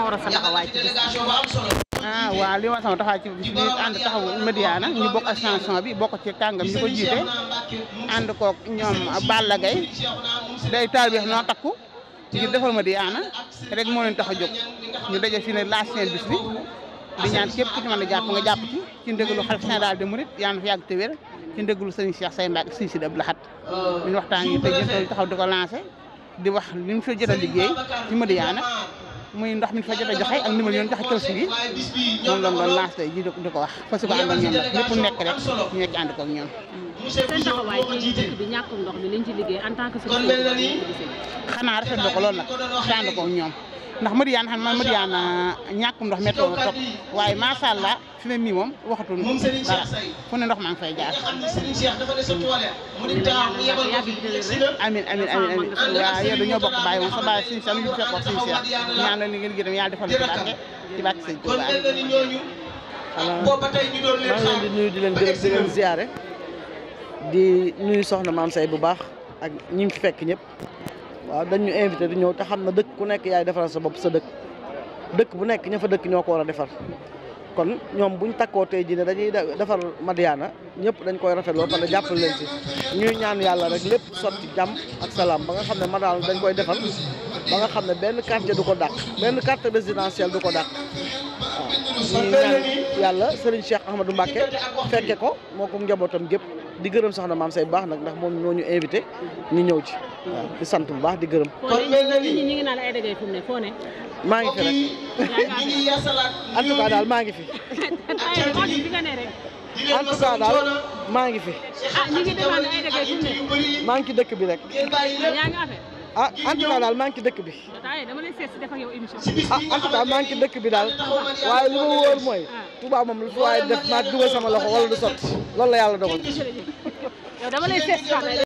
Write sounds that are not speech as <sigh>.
nga war a sa taxawaay ci bis ah waaw li ma sama a ci bis bi ànd taxawu Madiyana ñu bokk association bi bokk ci kàngam ñu ko jiite ànd koog ñoom Balla Gaye day taal bi noo takku ngir defal Madiyana rek moo leen tax a jóg ñu daje ne laaj seen bis bi di ñaan képp ku ci mën a jàpp nga jàpp ci ci ndëgalu xalifa général des mourides yàlla na fi yàgg te wér ci ndëgalu sëriñ Cheikh Say Mbacke si Sidi Abdou Lahad waxtaan ñu taxaw di ko lancé di wax li ñu fi jot a liggéey ci Madiyana muy ndox mi fa jot a joxe ak numéro yoon joxe tëlsi bi moom lañ doon lancé ji di ko wax parce que ànd ak ñoom ndax lépp nekk rek ñu nekk ànd koog ñoom. seen taxawaay ci dëkk bi ñàkkum ndox mi liñ ci liggéey en tant que. xanaa rafetlu ko loolu nag ànd ñoom. ndax Madiyana xam man Madiyana ah, ñàkkum ndox météo la topp waaye macha allah fi mu ne moom waxatul dara fu ne ndox maa ngi fay jaar. amiin amiin amiin amiin waaw bokk bàyyi moom sa bàyyi suñu seex lu ñu fekkoon suñu seex ñaan la ngeen gërëm yàlla defal ci barke di nuyu di leen gërëm di leen di nuyu soxna maam say bu baax ak ñi fi fekk ñëpp. waaw dañ ñu invité di ñëw te xam na dëkk ku nekk yaay defaral sa bopp sa dëkk dëkk bu nekk ña fa dëkk ñoo ko war a defar kon ñoom buñ takkoo tey jii ne dañuy defar Madiyana ñëpp dañ koy rafetloo parce que jàppal leen ci ñuy ñaan yàlla rek lépp sotti jàmm ak salaam ba nga xam ne Madiyana dañ koy defar ba nga xam ne benn quartier du ko dàq benn quartier résidentiel du ko dàq waaw ñuy ñaan yàlla Serigne Cheikh Ahmadou Mbacké fekke ko moo ko njabootam gépp di gërëm soxna maam say baax nag ndax moom ñoo ñu invité ñu ñëw ci waaw sant bu baax di gërëm. kon maa ngi fi rek ñu daal maa ngi fi. en ngi fi. ah maa ngi ci dëkk bi rek. yaa ngi affaire. ah daal maa ngi dëkk bi. Eh, ah en tout cas maa ngi ci dëkk bi daal ah, waaye li ma mooy. Ah. Touba moom lu fi waaye def naa dugal sama loxo wala du sotti loolu la yàlla dogal. <laughs>